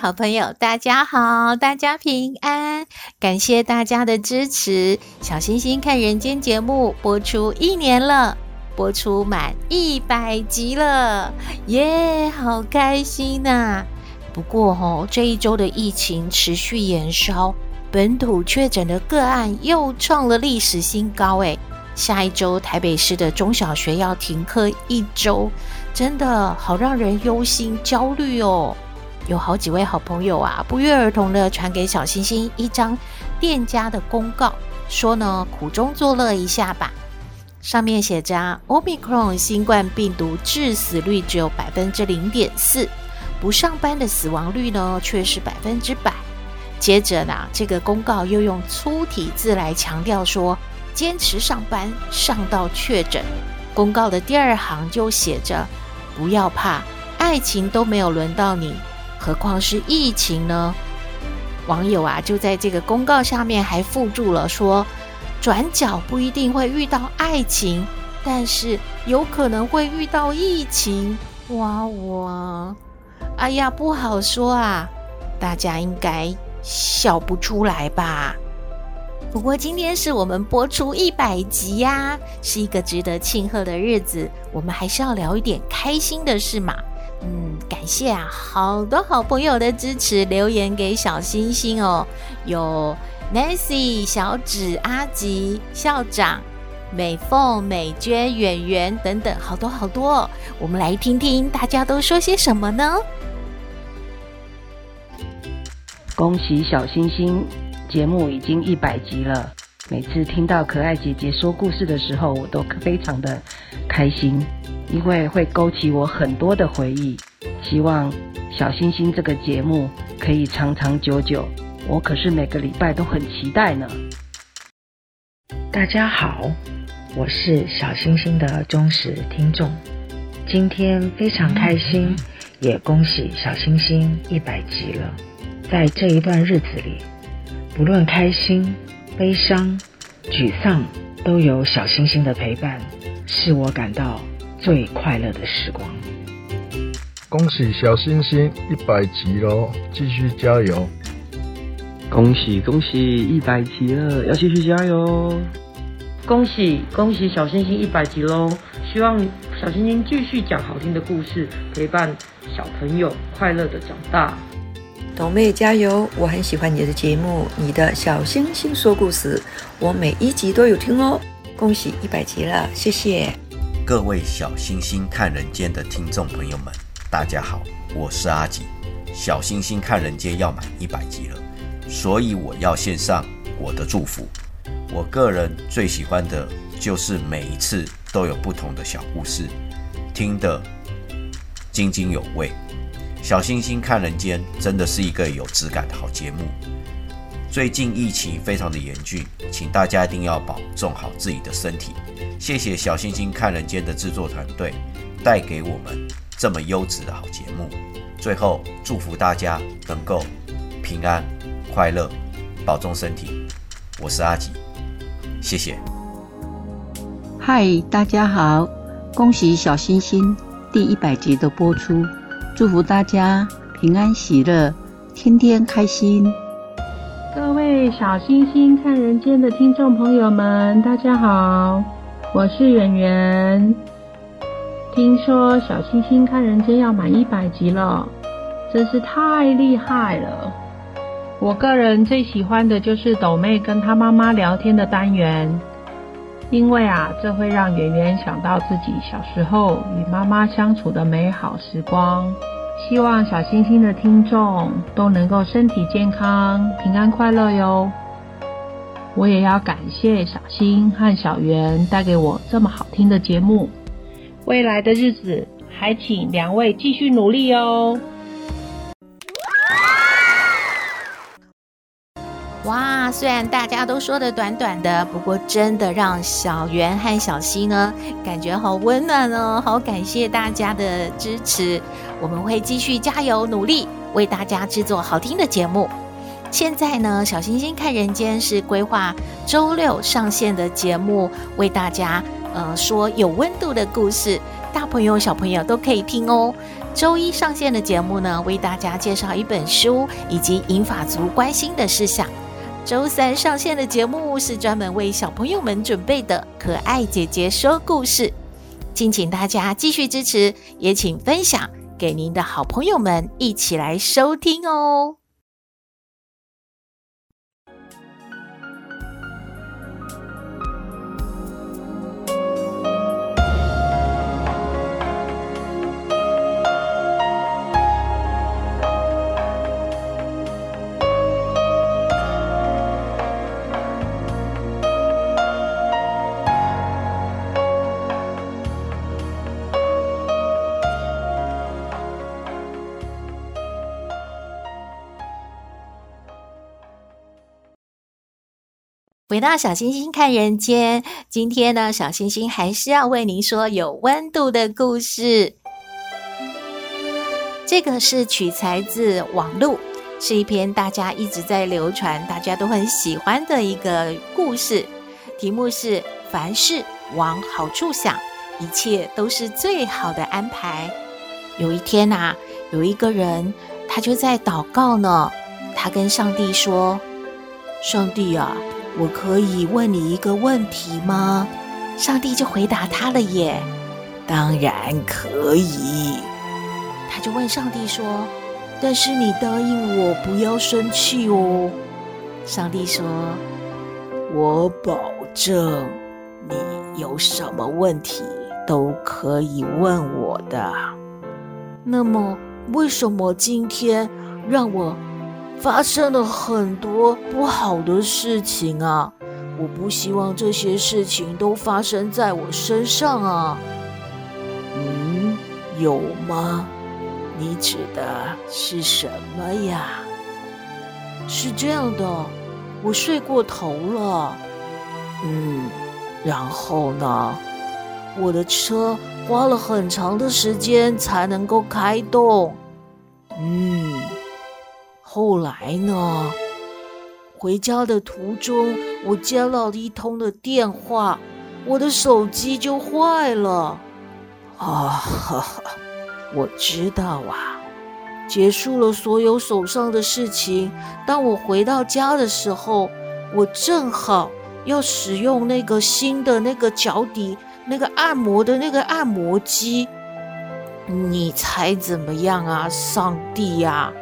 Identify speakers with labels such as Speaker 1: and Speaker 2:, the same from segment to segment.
Speaker 1: 好朋友，大家好，大家平安，感謝大家的支持。小星星看人間節目播出一年了，播出滿一百集了，耶，好開心吶！不過吼，這一周的疫情持續延燒，本土確診的個案又創了歷史新高，誒，下一周台北市的中小學要停課一周，真的好讓人憂心焦慮哦。有好幾位好朋友啊，不約而同地傳給小星星一張店家的公告，說呢，苦中作樂一下吧。上面寫着，Omicron 新冠病毒致死率只有百分之零點四，不上班的死亡率呢卻是百分之百。接着呢，這個公告又用粗體字來強調說，堅持上班上到確診。公告的第二行就寫着，不要怕，愛情都沒有輪到你。何況是疫情呢？網友啊，就在這個公告下面還附注了說：“轉角不一定會遇到愛情，但是有可能會遇到疫情。”哇哇！哎呀，不好說啊！大家應該笑不出來吧？不過今天是我們播出一百集呀，是一個值得慶賀的日子。我們還是要聊一點開心的事嘛。嗯，感謝啊，好多好朋友的支持，留言給小星星哦、喔，有 Nancy、小紫、阿吉、校長、美鳳、美娟、演員等等，好多好多、喔，我們來聽聽大家都說些什麼呢？恭喜小星星，節目已經一百集了。每次聽到可愛姐姐說故事的時候，我都非常的開心，因為會勾起我很多的回憶。希望小星星這個節目可以長長久久，我可是每個禮拜都很期待呢。大家好，我是小星星的忠實聽眾，今天非常開心，嗯、也恭喜小星星一百集了。在這一段日子裡，不論開心、悲傷、沮喪都有小星星的陪伴，是我感到最快樂的時光。恭喜小星星一百集嘍！繼續加油！恭喜恭喜，一百集了，要繼續加油！恭喜恭喜，小星星一百集嘍！希望小星星繼續講好聽的故事，陪伴小朋友快樂地長大。鬥妹加油！我很喜歡你的節目，你的小星星說故事，我每一集都有聽哦。恭喜一百集了，謝謝。各位小星星看人間的聽眾朋友們，大家好，我是阿吉。小星星看人間要滿一百集了，所以我要獻上我的祝福。我個人最喜歡的就是每一次都有不同的小故事，聽得津津有味。小星星看人間真的是一個有質感的好節目。最近疫情非常的嚴峻，請大家一定要保重好自己的身體。謝謝小星星看人間的製作團隊帶給我們這麼優質的好節目。最後祝福大家能夠平安快樂，保重身體。我是阿吉，謝謝。嗨，大家好，恭喜小星星第一百集的播出。祝福大家平安喜樂，天天開心！各位小星星看人間的聽眾朋友們，大家好，我是媛媛。聽說小星星看人間要滿一百集了，真是太厲害了！我個人最喜歡的就是斗妹跟她媽媽聊天的單元。因為啊，這會讓媛媛想到自己小時候與媽媽相處的美好時光。希望小星星的聽眾都能夠身體健康、平安快樂喲。我也要感謝小星和小媛帶給我這麼好聽的節目。未來的日子，還請兩位繼續努力喲。雖然大家都說的短短的，不過真的讓曉媛和曉星呢感覺好溫暖哦！好感謝大家的支持，我們會繼續加油努力，為大家制作好聽的節目。現在呢，小星星看人間是規劃周六上線的節目，為大家呃說有溫度的故事，大朋友小朋友都可以聽哦。周一上線的節目呢，為大家介紹一本書以及銀髮族關心的事項。周三上線的節目是專門為小朋友們準備的《可愛姐姐說故事》，敬請大家繼續支持，也請分享給您的好朋友們一起來收聽哦、喔。回到小星星看人間，今天呢，小星星還是要為您說有溫度的故事。這個是取材自網絡，是一篇大家一直在流傳、大家都很喜歡的一個故事。題目是“凡事往好處想，一切都是最好的安排”。有一天吶、啊，有一個人他就在禱告呢，他跟上帝說：“上帝啊！”我可以問你一個問題嗎？上帝就回答他了耶，當然可以。他就問上帝說：“但是你答應我不要生氣哦。”上帝說：“我保證，你有什麼問題都可以問我的。”那麼為什麼今天讓我？發生了很多不好的事情啊！我不希望這些事情都發生在我身上啊！嗯，有嗎？你指的是什麼呀？是這樣的，我睡過頭了。嗯，然後呢？我的車花了很長的時間才能夠開動。嗯。後來呢？回家的途中，我接了一通的電話，我的手機就壞了。哦、啊，我知道啊。結束了所有手上的事情，當我回到家的時候，我正好要使用那個新的那個腳底那個按摩的那個按摩機。你猜怎麼樣啊？上帝呀、啊！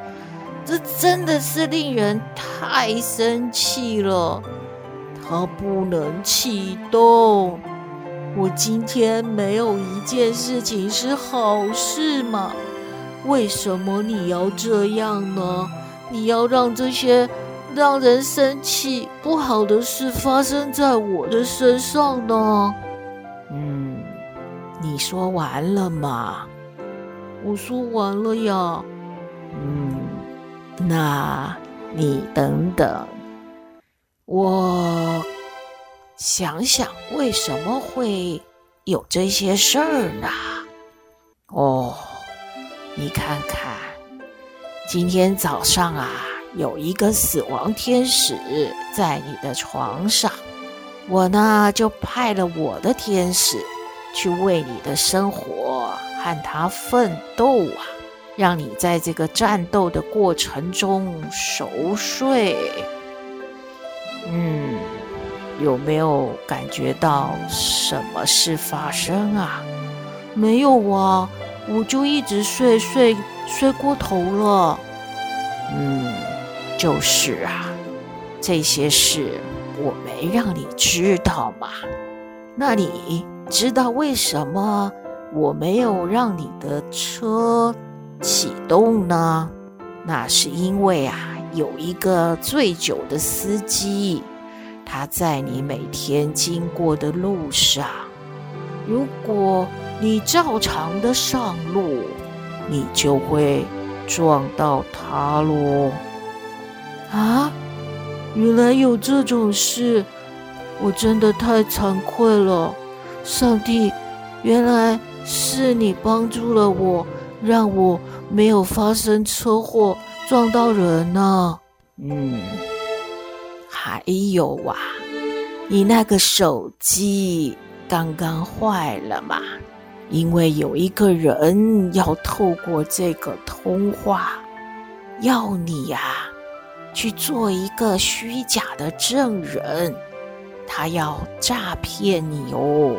Speaker 1: 這真的是令人太生氣了，它不能啟動。我今天沒有一件事情是好事嘛？為什麼你要這樣呢？你要讓這些讓人生氣不好的事發生在我的身上呢？嗯，你說完了嗎？我說完了呀。嗯。那你等等，我想想為什麼會有這些事兒呢？哦，你看看，今天早上啊，有一個死亡天使在你的床上，我呢就派了我的天使去為你的生活和他奮鬥啊。讓你在這個戰鬥的過程中熟睡，嗯，有沒有感覺到什麼事發生啊？沒有啊，我就一直睡睡睡過頭了。嗯，就是啊，這些事我沒讓你知道嘛。那你知道為什麼我沒有讓你的車？啟動呢？那是因為啊，有一個醉酒的司機，他在你每天經過的路上。如果你照常的上路，你就會撞到他嘍。啊，原來有這種事！我真的太慚愧了。上帝，原來是你幫助了我。讓我沒有發生車禍撞到人呢、啊。嗯，還有啊，你那個手機剛剛壞了嘛？因為有一個人要透過這個通話，要你啊去做一個虛假的證人，他要詐騙你哦。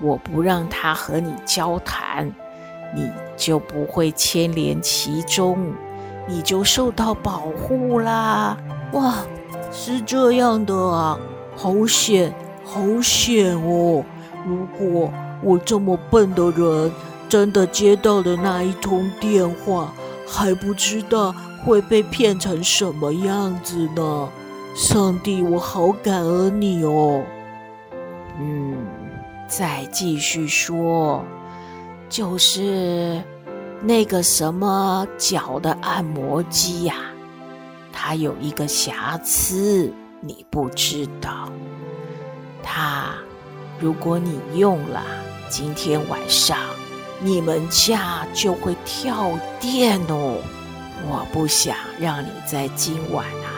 Speaker 1: 我不讓他和你交談。你就不會牽連其中，你就受到保護啦！哇，是這樣的啊，好險，好險哦！如果我這麼笨的人真的接到了那一通電話，還不知道會被騙成什麼樣子呢！上帝，我好感恩你哦。嗯，再繼續說。就是那個什麼腳的按摩機呀、啊，它有一個瑕疵，你不知道。它，如果你用了，今天晚上你們家就會跳電哦。我不想讓你在今晚啊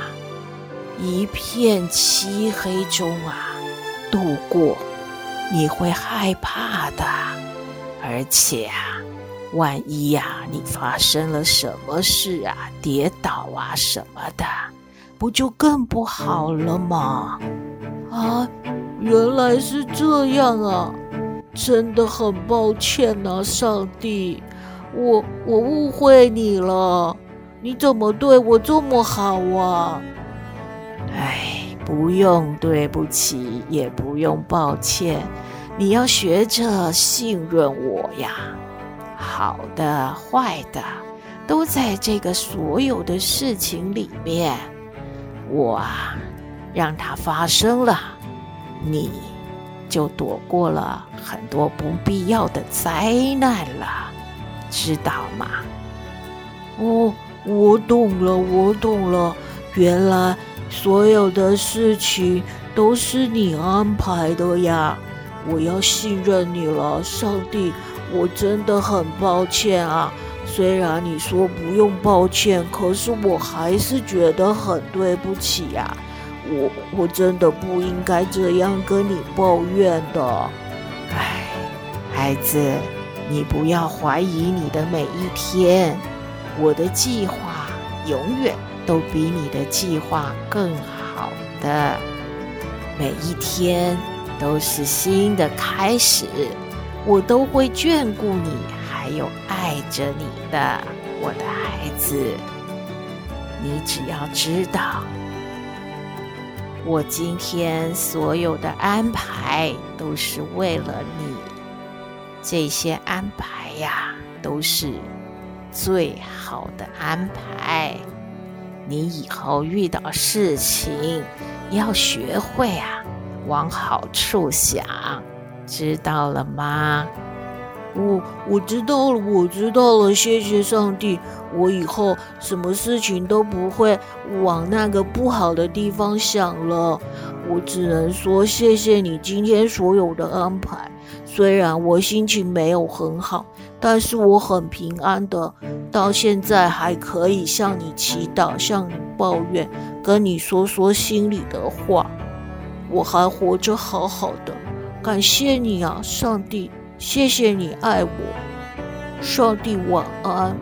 Speaker 1: 一片漆黑中啊度過，你會害怕的。而且啊，萬一呀，你發生了什麼事啊，跌倒啊什麼的，不就更不好了嗎？啊，原來是這樣啊！真的很抱歉吶，上帝，我我誤會你了。你怎麼對我這麼好啊？哎，不用，對不起，也不用抱歉。你要學着信任我呀，好的、壞的，都在這個所有的事情裡面。我啊，讓它發生了，你就躲過了很多不必要的災難了，知道嗎？哦，我懂了，我懂了，原來所有的事情都是你安排的呀。我要信任你了，上帝，我真的很抱歉啊！雖然你說不用抱歉，可是我還是覺得很對不起呀。我我真的不應該這樣跟你抱怨的。唉，孩子，你不要懷疑你的每一天，我的計劃永遠都比你的計劃更好的每一天都是新的開始，我都會眷顧你，還有愛着你的我的孩子。你只要知道，我今天所有的安排都是為了你。這些安排呀，都是最好的安排。你以後遇到事情，要學會啊。往好處想，知道了嗎？我我知道了，我知道了。謝謝上帝，我以後什麼事情都不會往那個不好的地方想了。我只能說謝謝你今天所有的安排，雖然我心情沒有很好，但是我很平安的，到現在還可以向你祈禱，向你抱怨，跟你說說心裡的話。我還活着，好好的，感謝你啊，上帝，謝謝你愛我，上帝晚安。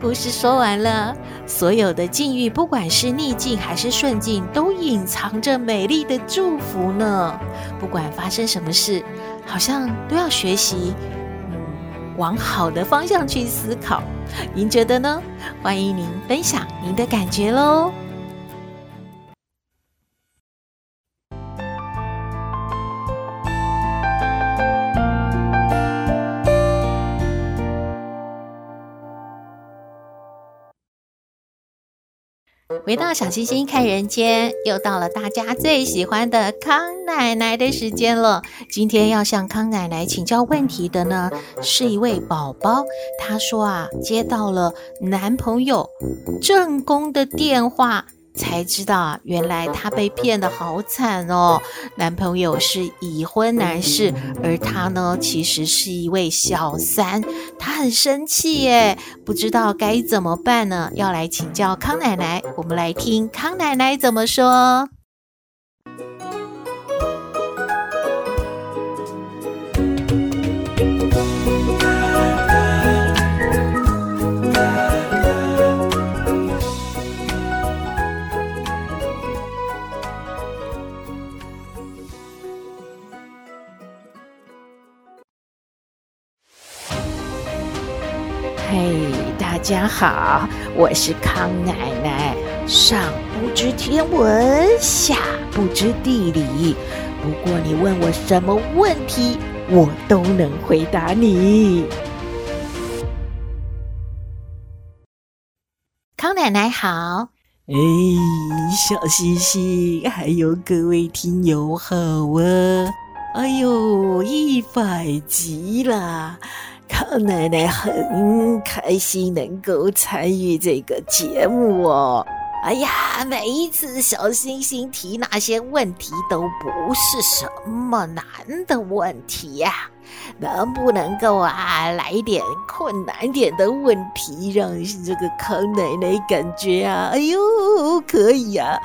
Speaker 1: 故事說完了，所有的境遇，不管是逆境還是順境，都隱藏着美麗的祝福呢。不管發生什麼事，好像都要學習，嗯，往好的方向去思考。您覺得呢？歡迎您分享您的感覺嘍。回到小星星看人間，又到了大家最喜歡的康奶奶的時間了。今天要向康奶奶請教問題的呢，是一位寶寶。他說啊，接到了男朋友正宮的電話。才知道啊，原來她被騙得好慘哦！男朋友是已婚男士，而她呢，其實是一位小三。她很生氣耶，不知道該怎麼辦呢？要來請教康奶奶，我們來聽康奶奶怎麼說。好，我是康奶奶，上不知天文，下不知地理，不過你問我什麼問題，我都能回答你。康奶奶好，哎，小星星，還有各位聽友好啊！哎呦，一百集啦！康奶奶很開心能夠參與這個節目哦。哎呀，每一次小星星提那些問題都不是什麼難的問題呀、啊。能不能夠啊，來點困難點的問題，讓這個康奶奶感覺啊，哎呦，可以啊，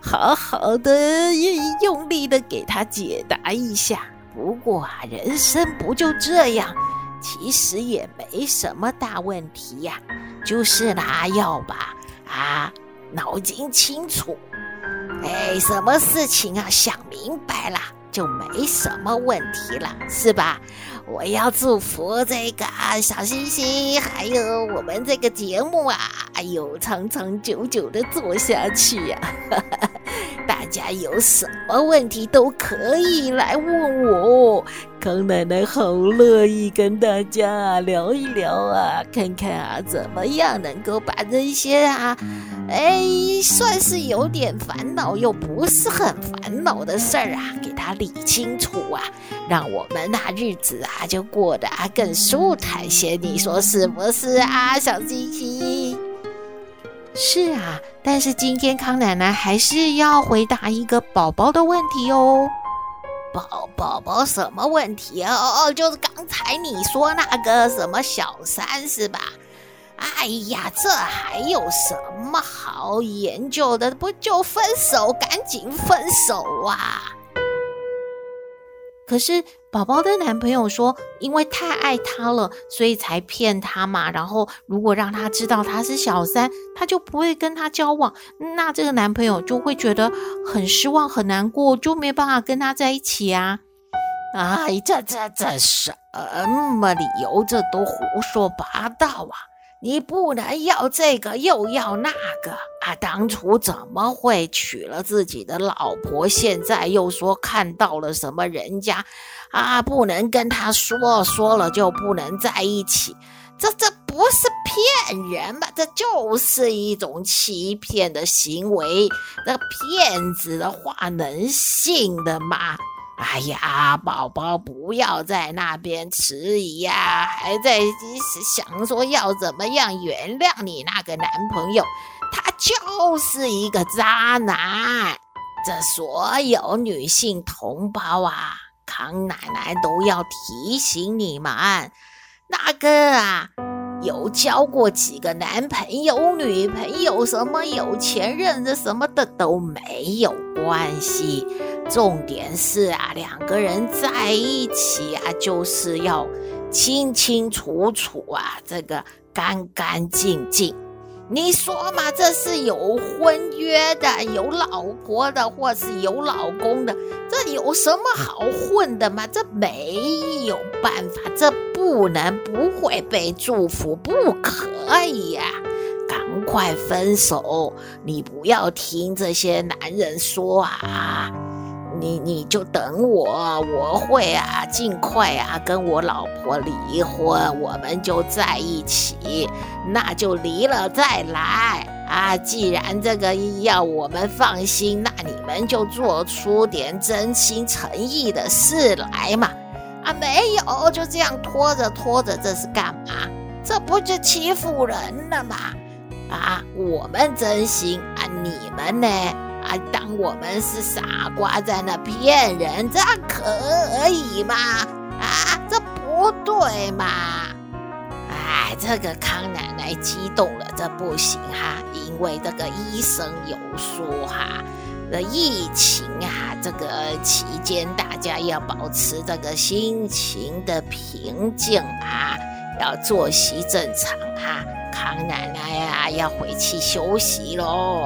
Speaker 1: 好好的用力的給他解答一下。不過啊，人生不就這樣？其實也沒什麼大問題呀、啊，就是拿藥吧。啊，腦筋清楚，哎，什麼事情啊想明白了就沒什麼問題了，是吧？我要祝福這個小星星，還有我們這個節目啊，有、哎、長長久久的做下去呀、啊！大家有什麼問題都可以來問我。康奶奶好樂意跟大家啊，聊一聊啊，看看啊怎麼樣能夠把這些啊，哎，算是有點煩惱又不是很煩惱的事兒啊，給它理清楚啊，讓我們那日子啊就過得啊更舒坦些，你說是不是啊，小星星？是啊，但是今天康奶奶還是要回答一個寶寶的問題哦。寶寶寶，什麼問題啊？哦哦，就是剛才你說那個什麼小三是吧？哎呀，這還有什麼好研究的？不就分手，趕緊分手啊！可是寶寶的男朋友說，因為太愛她了，所以才騙她嘛。然後如果讓她知道她是小三，她就不會跟他交往，那這個男朋友就會覺得很失望、很難過，就沒辦法跟他在一起啊！哎，這這這什麼理由？這都胡說八道啊！你不能要這個又要那個啊！當初怎麼會娶了自己的老婆？現在又說看到了什麼人家，啊，不能跟他說，說了就不能在一起。這這不是騙人嗎？這就是一種欺騙的行為。那騙子的話能信的嗎？哎呀，寶寶不要在那邊遲疑呀、啊，還在想說要怎麼樣原諒你那個男朋友，他就是一個渣男。這所有女性同胞啊，康奶奶都要提醒你們，那個啊，有交過幾個男朋友、女朋友，什麼有前任的什麼的都沒有關係。重點是啊，兩個人在一起啊，就是要清清楚楚啊，這個乾乾淨淨。你說嘛，這是有婚約的，有老婆的，或是有老公的，這有什麼好混的嘛？這沒有辦法，這不能不會被祝福，不可以呀、啊！趕快分手，你不要聽這些男人說啊！你你就等我，我會啊，盡快啊，跟我老婆離婚，我們就在一起，那就離了再來啊。既然這個要我們放心，那你們就做出點真心誠意的事來嘛。啊，沒有，就這樣拖着拖着，這是幹嘛？這不就欺負人了嗎？啊，我們真心啊，你們呢？啊！當我們是傻瓜在那騙人，這樣可以嗎？啊，這不對嗎？哎，這個康奶奶激動了，這不行哈、啊，因為這個醫生有說哈、啊，這疫情啊，這個期間大家要保持這個心情的平靜啊，要作息正常哈、啊。康奶奶呀、啊，要回去休息嘍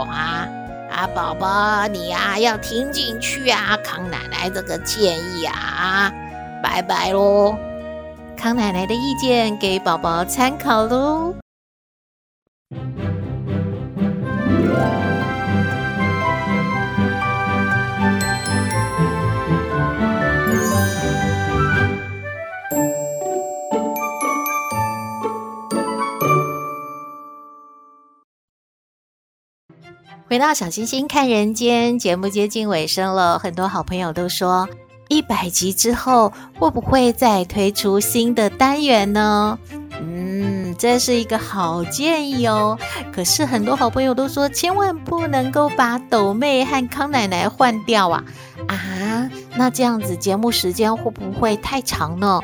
Speaker 1: 啊！啊，寶寶，你呀、啊、要聽進去啊，康奶奶這個建議啊，拜拜嘍，康奶奶的意見給寶寶參考嘍。回到小星星看人間，節目接近尾聲了，很多好朋友都說，一百集之後會不會再推出新的單元呢？嗯，這是一個好建議哦。可是很多好朋友都說，千萬不能夠把鬥妹和康奶奶換掉啊。啊，那這樣子節目時間會不會太長呢？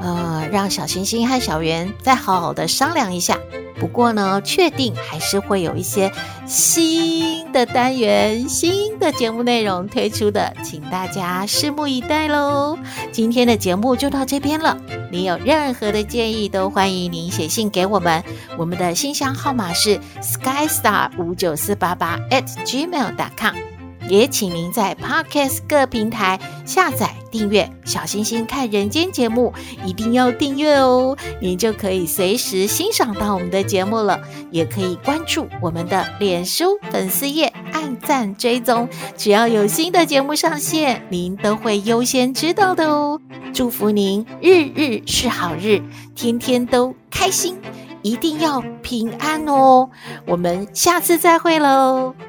Speaker 1: 呃，讓小星星和小媛再好好的商量一下。不過呢，確定還是會有一些新的單元、新的節目內容推出的，請大家拭目以待嘍。今天的節目就到這邊了。你有任何的建議，都歡迎您寫信給我們。我們的信箱號碼是 sky star 五九四八八 at gmail.com。也請您在 Podcast 各平台下載訂閱“小星星看人間”節目，一定要訂閱哦！您就可以隨時欣賞到我們的節目了。也可以關注我們的臉書粉絲頁，按贊追蹤，只要有新的節目上線，您都會優先知道的哦！祝福您日日是好日，天天都開心，一定要平安哦！我們下次再會嘍！